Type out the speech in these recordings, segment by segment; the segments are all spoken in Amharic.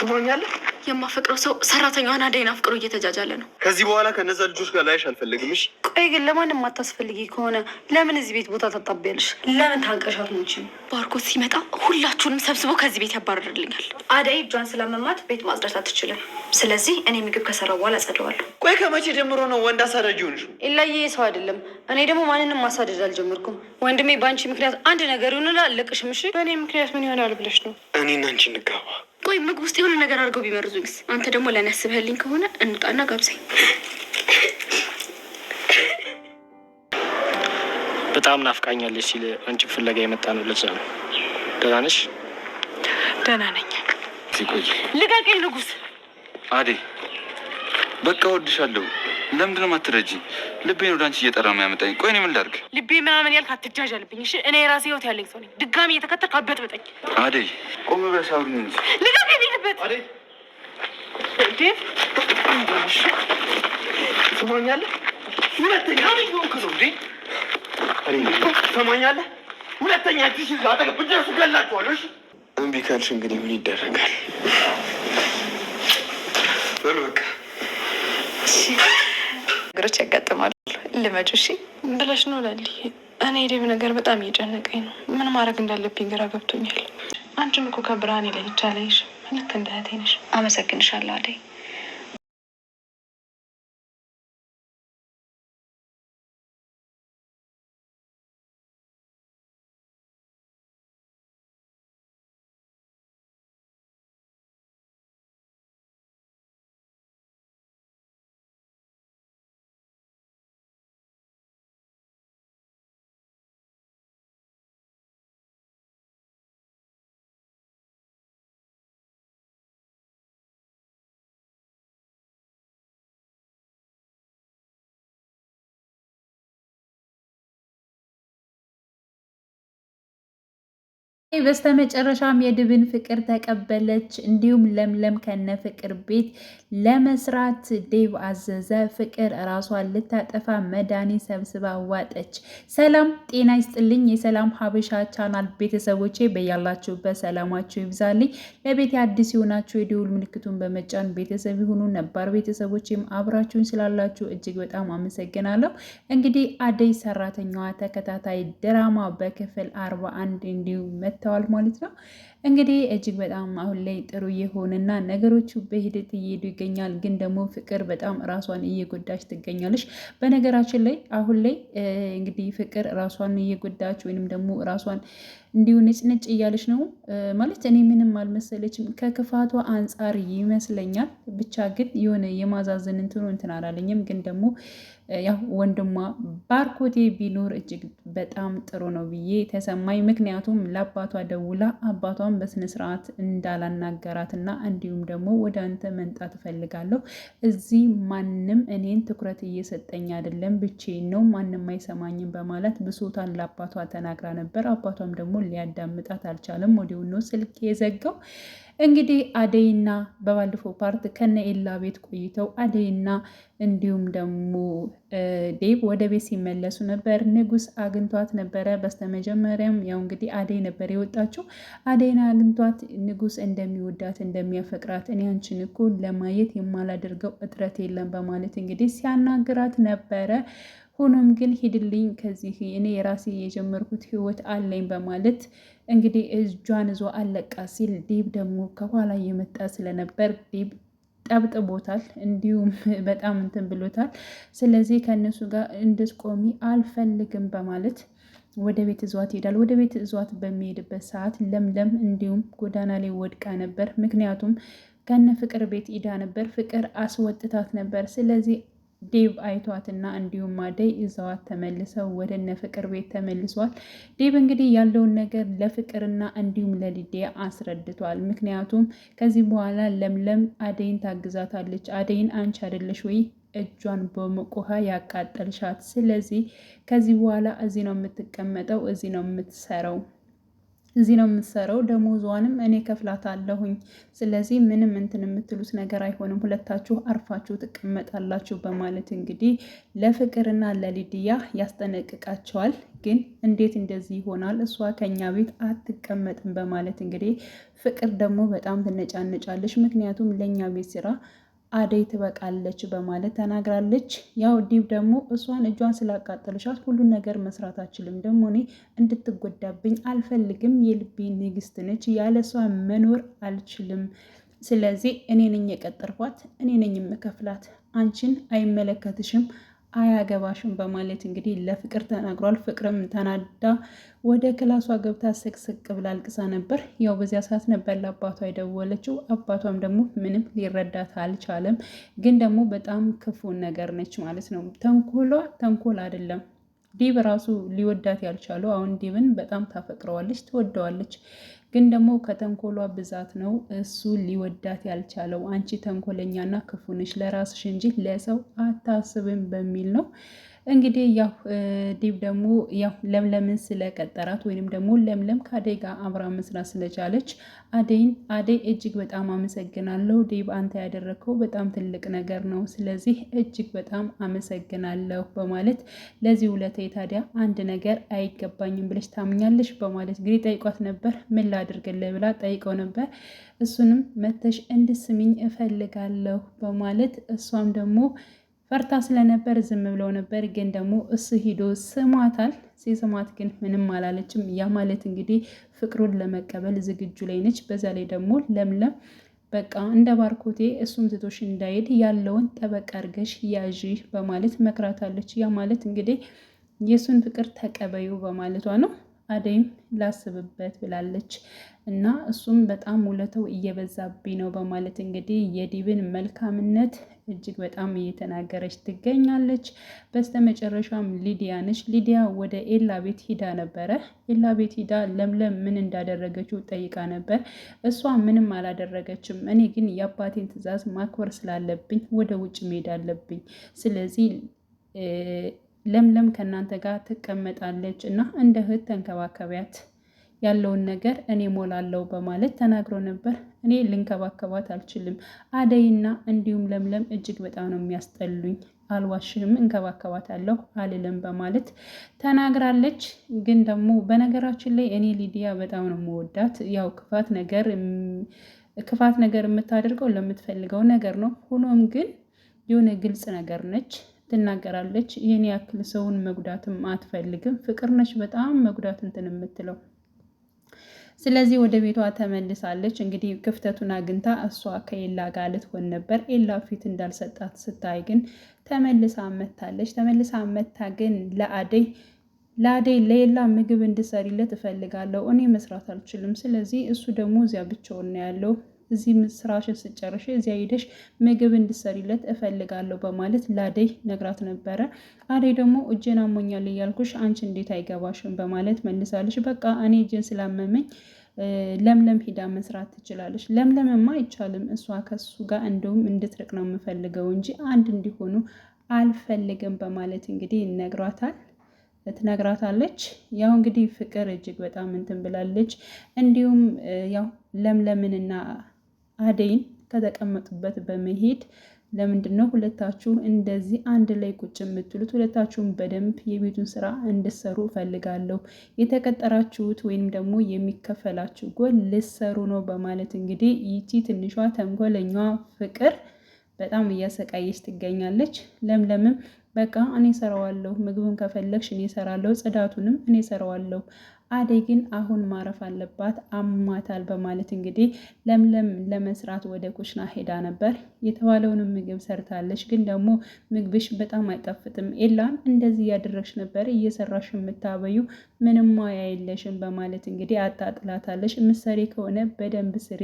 ስሆኛለ የማፈቅረው ሰው ሰራተኛዋን አደይን አፍቅሮ እየተጃጃለ ነው። ከዚህ በኋላ ከነዛ ልጆች ጋር ላይሽ አልፈልግም። እሺ ቆይ ግን ለማንም አታስፈልጊ ከሆነ ለምን እዚህ ቤት ቦታ ታጣቢያለሽ? ለምን ታንቀሻት ነው? ባርኮት ሲመጣ ሁላችሁንም ሰብስቦ ከዚህ ቤት ያባረርልኛል። አደይ እጇን ስለመማት ቤት ማጽዳት አትችልም። ስለዚህ እኔ ምግብ ከሰራው በኋላ አጸደዋለሁ። ቆይ ከመቼ ጀምሮ ነው ወንድ አሳዳጅ ሆንሽ? ኢላዬ ሰው አይደለም። እኔ ደግሞ ማንንም ማሳደድ አልጀመርኩም። ወንድሜ በአንቺ ምክንያት አንድ ነገር ይሆንላ አለቅሽም። እሺ በእኔ ምክንያት ምን ይሆናል ብለሽ ነው? እኔና አንቺ እንጋባ። ቆይ ምግብ ውስጥ የሆነ ነገር አድርገው ቢመርዙኝስ? አንተ ደግሞ ለእኔ ያስብህልኝ ከሆነ እንውጣና ጋብዘኝ። በጣም ናፍቃኛለች ሲል አንቺ ፍለጋ የመጣ ነው። ለዛ ነው። ደህና ነሽ? ደህና ነኝ። ንጉስ አዴ በቃ ወድሻለሁ። ለምንድን ነው የማትረጂኝ? ልቤን ወደ አንቺ እየጠራ ነው ያመጣኝ። ቆይ እኔ ምን ላድርግ? ልቤ ምናምን ያልክ አትጃጃልብኝ እሺ። እኔ የራሴ ህይወት ያለኝ ሰው ነኝ። ድጋሚ እየተከተልክ አበጥብጠኝ። አዴ ቆም ብለሽ አውሪኝ እንጂ ልቀቅ። አዴ ትሰማኛለህ? ሁለተኛ ሆንክ ነው እንዴ? ትሰማኛለህ? ሁለተኛ ሽ አጠገብ ብደርሱ ገላችኋለሁ። እምቢ ካልሽ እንግዲህ ምን ይደረጋል? በል በቃ ነገሮች ያጋጥማሉ። ልመጩ እሺ ብለሽ ነው ላሊ። እኔ የዴቭ ነገር በጣም እየጨነቀኝ ነው። ምን ማድረግ እንዳለብኝ ግራ ገብቶኛል። አንቺም እኮ ከብርሃን የለይቻለሽ። ልክ እንደ እህቴ ነሽ። አመሰግንሻለሁ አደይ። በስተመጨረሻም የድብን ፍቅር ተቀበለች። እንዲሁም ለምለም ከነ ፍቅር ቤት ለመስራት ዴቭ አዘዘ። ፍቅር ራሷን ልታጠፋ መድኃኒት ሰብስባ ዋጠች። ሰላም ጤና ይስጥልኝ። የሰላም ሀበሻ ቻናል ቤተሰቦቼ በያላችሁበት ሰላማችሁ ይብዛልኝ። ለቤት አዲስ የሆናችሁ የደውል ምልክቱን በመጫን ቤተሰብ የሆኑ ነባር ቤተሰቦችም አብራችሁን ስላላችሁ እጅግ በጣም አመሰግናለሁ። እንግዲህ አደይ ሰራተኛዋ ተከታታይ ድራማ በክፍል አርባ አንድ እንዲሁ መታ መጥተዋል ማለት ነው። እንግዲህ እጅግ በጣም አሁን ላይ ጥሩ የሆነና ነገሮቹ በሂደት እየሄዱ ይገኛል። ግን ደግሞ ፍቅር በጣም ራሷን እየጎዳች ትገኛለች። በነገራችን ላይ አሁን ላይ እንግዲህ ፍቅር ራሷን እየጎዳች ወይንም ደግሞ ራሷን እንዲሁ ነጭ እያለች ነው ማለት እኔ ምንም አልመሰለችም ከክፋቷ አንጻር ይመስለኛል። ብቻ ግን የሆነ የማዛዘን እንትኑ እንትን አላለኝም። ግን ደግሞ ያው ወንድሟ ባርኮቴ ቢኖር እጅግ በጣም ጥሩ ነው ብዬ ተሰማኝ። ምክንያቱም ለአባቷ ደውላ አባቷን በስነስርዓት እንዳላናገራትና እንዲሁም ደግሞ ወደ አንተ መምጣት እፈልጋለሁ፣ እዚህ ማንም እኔን ትኩረት እየሰጠኝ አይደለም፣ ብቼን ነው፣ ማንም አይሰማኝም በማለት ብሶታን ለአባቷ ተናግራ ነበር። አባቷም ደግሞ ሊያዳምጣት አልቻለም። ወዲያውኑ ስልክ የዘጋው እንግዲህ አደይና በባለፈው ፓርት ከነ ኤላ ቤት ቆይተው አደይና እንዲሁም ደግሞ ዴብ ወደ ቤት ሲመለሱ ነበር። ንጉስ አግኝቷት ነበረ። በስተመጀመሪያም ያው እንግዲህ አደይ ነበር የወጣችው። አደይን አግኝቷት ንጉስ እንደሚወዳት እንደሚያፈቅራት፣ እኔ አንቺን እኮ ለማየት የማላደርገው እጥረት የለም በማለት እንግዲህ ሲያናግራት ነበረ። ሆኖም ግን ሂድልኝ ከዚህ እኔ የራሴ የጀመርኩት ህይወት አለኝ በማለት እንግዲህ እጇን ይዞ አለቃ ሲል ዴብ ደግሞ ከኋላ የመጣ ስለነበር ዴብ ጠብጥቦታል፣ እንዲሁም በጣም እንትን ብሎታል። ስለዚህ ከእነሱ ጋር እንድትቆሚ አልፈልግም በማለት ወደ ቤት እዟት ይሄዳል። ወደ ቤት እዟት በሚሄድበት ሰዓት ለምለም እንዲሁም ጎዳና ላይ ወድቃ ነበር። ምክንያቱም ከነ ፍቅር ቤት ኢዳ ነበር፣ ፍቅር አስወጥታት ነበር። ስለዚህ ዴቭ አይቷትና እንዲሁም አደይ እዛዋት ተመልሰው ወደ እነ ፍቅር ቤት ተመልሷል። ዴቭ እንግዲህ ያለውን ነገር ለፍቅርና እንዲሁም ለሊዲያ አስረድቷል። ምክንያቱም ከዚህ በኋላ ለምለም አደይን ታግዛታለች። አደይን አንቺ አይደለሽ ወይ እጇን በመቆሃ ያቃጠልሻት? ስለዚህ ከዚህ በኋላ እዚህ ነው የምትቀመጠው፣ እዚህ ነው የምትሰረው እዚህ ነው የምትሰራው፣ ደሞዟንም እኔ ከፍላታለሁኝ። ስለዚህ ምንም እንትን የምትሉት ነገር አይሆንም፣ ሁለታችሁ አርፋችሁ ትቀመጣላችሁ በማለት እንግዲህ ለፍቅርና ለሊድያ ያስጠነቅቃቸዋል። ግን እንዴት እንደዚህ ይሆናል? እሷ ከኛ ቤት አትቀመጥም በማለት እንግዲህ ፍቅር ደግሞ በጣም ትነጫነጫለች። ምክንያቱም ለእኛ ቤት ስራ አደይ ትበቃለች በማለት ተናግራለች። ያው ዲብ ደግሞ እሷን እጇን ስላቃጠለሻት ሁሉን ነገር መስራት አችልም፣ ደግሞ እኔ እንድትጎዳብኝ አልፈልግም፣ የልቤ ንግስት ነች፣ ያለ እሷ መኖር አልችልም። ስለዚህ እኔ ነኝ የቀጠርኳት፣ እኔ ነኝ የምከፍላት፣ አንቺን አይመለከትሽም አያገባሽም በማለት እንግዲህ ለፍቅር ተናግሯል። ፍቅርም ተናዳ ወደ ክላሷ ገብታ ስቅስቅ ብላ አልቅሳ ነበር። ያው በዚያ ሰዓት ነበር ለአባቷ የደወለችው። አባቷም ደግሞ ምንም ሊረዳት አልቻለም። ግን ደግሞ በጣም ክፉን ነገር ነች ማለት ነው። ተንኮሏ ተንኮል አይደለም። ዲብ ራሱ ሊወዳት ያልቻሉ አሁን ዲብን በጣም ታፈቅረዋለች፣ ትወደዋለች። ግን ደግሞ ከተንኮሏ ብዛት ነው እሱ ሊወዳት ያልቻለው። አንቺ ተንኮለኛና ክፉ ነሽ፣ ለራስሽ እንጂ ለሰው አታስብም በሚል ነው እንግዲህ ያው ዲብ ደግሞ ያው ለምለምን ስለቀጠራት ወይንም ደግሞ ለምለም ከአደይ ጋር አብራ መስራት ስለቻለች አደይን አደይ እጅግ በጣም አመሰግናለሁ ዲብ፣ አንተ ያደረግከው በጣም ትልቅ ነገር ነው። ስለዚህ እጅግ በጣም አመሰግናለሁ በማለት ለዚህ ውለታ ታዲያ አንድ ነገር አይገባኝም ብለሽ ታምኛለሽ በማለት እንግዲህ ጠይቋት ነበር። ምን ላድርግልህ ብላ ጠይቀው ነበር። እሱንም መተሽ እንድስሚኝ እፈልጋለሁ በማለት እሷም ደግሞ ፈርታ ስለነበር ዝም ብለው ነበር። ግን ደግሞ እሱ ሂዶ ስሟታል። ሲስማት ግን ምንም አላለችም። ያ ማለት እንግዲህ ፍቅሩን ለመቀበል ዝግጁ ላይ ነች። በዛ ላይ ደግሞ ለምለም በቃ እንደ ባርኮቴ እሱም ትቶሽ እንዳይሄድ ያለውን ጠበቅ አድርገሽ ያዥ በማለት መክራታለች። ያ ማለት እንግዲህ የእሱን ፍቅር ተቀበዩ በማለቷ ነው። አደይም ላስብበት ብላለች እና እሱም በጣም ውለተው እየበዛብኝ ነው በማለት እንግዲህ የዲብን መልካምነት እጅግ በጣም እየተናገረች ትገኛለች። በስተመጨረሻም ሊዲያ ነች። ሊዲያ ወደ ኤላ ቤት ሂዳ ነበረ። ኤላ ቤት ሂዳ ለምለም ምን እንዳደረገችው ጠይቃ ነበር። እሷ ምንም አላደረገችም፣ እኔ ግን የአባቴን ትዕዛዝ ማክበር ስላለብኝ ወደ ውጭ መሄድ አለብኝ ስለዚህ ለምለም ከእናንተ ጋር ትቀመጣለች እና እንደ እህት ተንከባከቢያት ያለውን ነገር እኔ ሞላለሁ በማለት ተናግሮ ነበር። እኔ ልንከባከባት አልችልም። አደይና እንዲሁም ለምለም እጅግ በጣም ነው የሚያስጠሉኝ፣ አልዋሽህም፣ እንከባከባታለሁ አልልም በማለት ተናግራለች። ግን ደግሞ በነገራችን ላይ እኔ ሊዲያ በጣም ነው መወዳት። ያው ክፋት ነገር ክፋት ነገር የምታደርገው ለምትፈልገው ነገር ነው። ሆኖም ግን የሆነ ግልጽ ነገር ነች ትናገራለች። ይህን ያክል ሰውን መጉዳትም አትፈልግም። ፍቅር ነች በጣም መጉዳት እንትን የምትለው። ስለዚህ ወደ ቤቷ ተመልሳለች። እንግዲህ ክፍተቱን አግኝታ እሷ ከኤላ ጋር ልትሆን ነበር። ኤላ ፊት እንዳልሰጣት ስታይ ግን ተመልሳ መታለች። ተመልሳ መታ ግን ለአደይ ለአደይ ለኤላ ምግብ እንድሰሪለት እፈልጋለሁ፣ እኔ መስራት አልችልም። ስለዚህ እሱ ደግሞ እዚያ ብቻውን ነው ያለው እዚህ ስራሽን ስጨርሽ እዚያ ሄደሽ ምግብ እንድሰሪለት እፈልጋለሁ በማለት ላደይ ነግራት ነበረ። አደይ ደግሞ እጄን አሞኛል እያልኩሽ አንቺ እንዴት አይገባሽም በማለት መልሳለች። በቃ እኔ እጄን ስላመመኝ ለምለም ሂዳ መስራት ትችላለች። ለምለምማ አይቻልም፣ እሷ ከሱ ጋር እንደውም እንድትርቅ ነው የምፈልገው እንጂ አንድ እንዲሆኑ አልፈልግም በማለት እንግዲህ ይነግሯታል ትነግራታለች። ያው እንግዲህ ፍቅር እጅግ በጣም እንትን ብላለች። እንዲሁም ያው ለምለምንና አደይን ከተቀመጡበት በመሄድ ለምንድን ነው ሁለታችሁ እንደዚህ አንድ ላይ ቁጭ የምትሉት? ሁለታችሁን በደንብ የቤቱን ስራ እንድሰሩ እፈልጋለሁ። የተቀጠራችሁት ወይም ደግሞ የሚከፈላችሁ ጎል ልሰሩ ነው በማለት እንግዲህ ይቺ ትንሿ ተንኮለኛዋ ፍቅር በጣም እያሰቃየች ትገኛለች። ለምለምም በቃ እኔ ሰራዋለሁ፣ ምግቡን ከፈለግሽ እኔ ሰራለሁ፣ ጽዳቱንም እኔ ሰራዋለሁ አደይ ግን አሁን ማረፍ አለባት አሟታል በማለት እንግዲህ ለምለም ለመስራት ወደ ኩሽና ሄዳ ነበር። የተባለውንም ምግብ ሰርታለች። ግን ደግሞ ምግብሽ በጣም አይጣፍጥም፣ ኤላን እንደዚህ እያደረግሽ ነበር እየሰራሽ የምታበዩ ምንም ሙያ የለሽም በማለት እንግዲህ አጣጥላታለች። ምሰሪ ከሆነ በደንብ ስሪ፣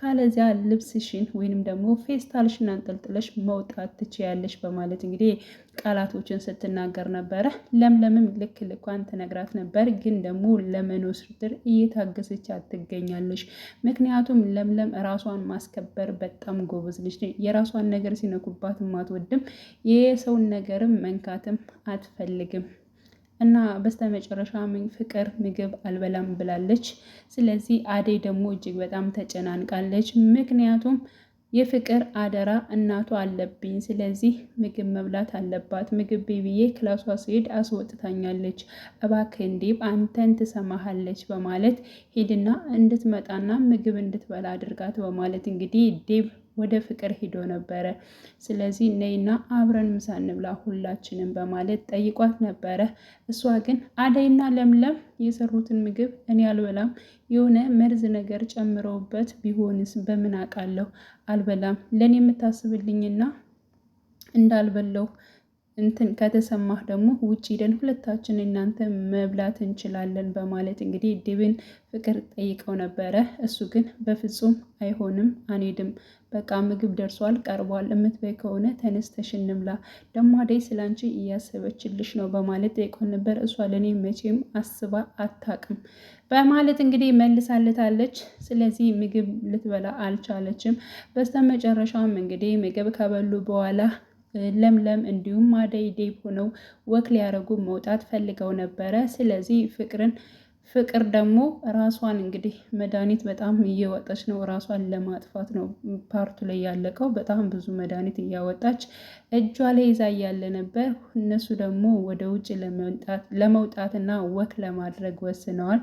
ካለዚያ ልብስሽን ወይንም ደግሞ ፌስታልሽን አንጠልጥለሽ መውጣት ትችያለሽ በማለት እንግዲህ ቃላቶችን ስትናገር ነበረ። ለምለምም ልክ ልኳን ትነግራት ነበር ግን ደግሞ ለመኖስ ድር እየታገሰች ትገኛለች። ምክንያቱም ለምለም ራሷን ማስከበር በጣም ጎበዝ ልጅ ነች። የራሷን ነገር ሲነኩባትም አትወድም፣ የሰውን ነገርም መንካትም አትፈልግም። እና በስተመጨረሻ ፍቅር ምግብ አልበላም ብላለች። ስለዚህ አደይ ደግሞ እጅግ በጣም ተጨናንቃለች። ምክንያቱም የፍቅር አደራ እናቷ አለብኝ። ስለዚህ ምግብ መብላት አለባት። ምግብ ብዬ ክላሷ ስሄድ አስወጥታኛለች። እባክህ እንዲህ አንተን ትሰማሃለች በማለት ሂድና እንድትመጣና ምግብ እንድትበላ አድርጋት በማለት እንግዲህ ዴብ ወደ ፍቅር ሂዶ ነበረ። ስለዚህ ነይና አብረን ምሳ እንብላ ሁላችንም በማለት ጠይቋት ነበረ። እሷ ግን አደይና ለምለም የሰሩትን ምግብ እኔ አልበላም፣ የሆነ መርዝ ነገር ጨምረውበት ቢሆንስ በምን አውቃለሁ፣ አልበላም ለእኔ የምታስብልኝና እንዳልበላው እንትን ከተሰማህ ደግሞ ውጭ ደን ሁለታችን እናንተ መብላት እንችላለን በማለት እንግዲህ ዲብን ፍቅር ጠይቀው ነበረ። እሱ ግን በፍጹም አይሆንም፣ አንሄድም፣ በቃ ምግብ ደርሷል፣ ቀርቧል፣ እምትበይ ከሆነ ተነስተሽ እንብላ፣ ደግሞ አደይ ስላንቺ እያሰበችልሽ ነው በማለት ጠይቆን ነበር። እሷ ለእኔ መቼም አስባ አታቅም በማለት እንግዲህ መልሳለታለች። ስለዚህ ምግብ ልትበላ አልቻለችም። በስተመጨረሻም እንግዲህ ምግብ ከበሉ በኋላ ለምለም እንዲሁም አደይ ዴብ ሆነው ወክ ሊያደርጉ መውጣት ፈልገው ነበረ። ስለዚህ ፍቅርን ፍቅር ደግሞ ራሷን እንግዲህ መድኃኒት በጣም እየወጣች ነው፣ ራሷን ለማጥፋት ነው ፓርቱ ላይ ያለቀው። በጣም ብዙ መድኃኒት እያወጣች እጇ ላይ ይዛ እያለ ነበር። እነሱ ደግሞ ወደ ውጭ ለመውጣትና ወክ ለማድረግ ወስነዋል።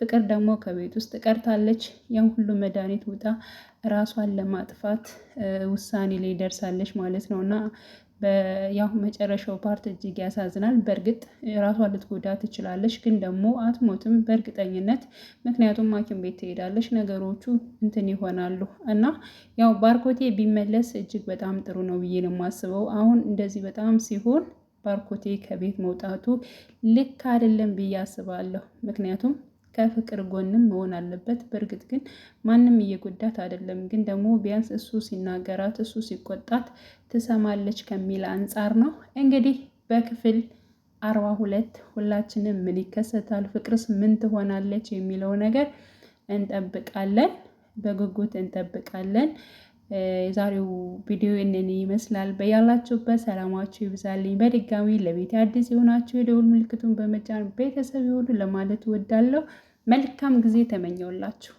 ፍቅር ደግሞ ከቤት ውስጥ ቀርታለች። ያን ሁሉ መድኃኒት ውጣ ራሷን ለማጥፋት ውሳኔ ላይ ደርሳለች ማለት ነው እና ያው መጨረሻው ፓርት እጅግ ያሳዝናል። በእርግጥ ራሷ ልትጎዳ ትችላለች፣ ግን ደግሞ አትሞትም በእርግጠኝነት ምክንያቱም ሐኪም ቤት ትሄዳለች። ነገሮቹ እንትን ይሆናሉ እና ያው ባርኮቴ ቢመለስ እጅግ በጣም ጥሩ ነው ብዬ ነው የማስበው። አሁን እንደዚህ በጣም ሲሆን ባርኮቴ ከቤት መውጣቱ ልክ አይደለም ብዬ አስባለሁ ምክንያቱም ከፍቅር ጎንም መሆን አለበት። በእርግጥ ግን ማንም እየጎዳት አይደለም። ግን ደግሞ ቢያንስ እሱ ሲናገራት፣ እሱ ሲቆጣት ትሰማለች ከሚል አንጻር ነው እንግዲህ በክፍል አርባ ሁለት ሁላችንም ምን ይከሰታል፣ ፍቅርስ ምን ትሆናለች የሚለው ነገር እንጠብቃለን፣ በጉጉት እንጠብቃለን። የዛሬው ቪዲዮ ይህንን ይመስላል። በያላችሁበት ሰላማችሁ ይብዛልኝ። በድጋሚ ለቤት አዲስ የሆናችሁ የደውል ምልክቱን በመጫን ቤተሰብ ይሁኑ ለማለት እወዳለሁ። መልካም ጊዜ ተመኘውላችሁ።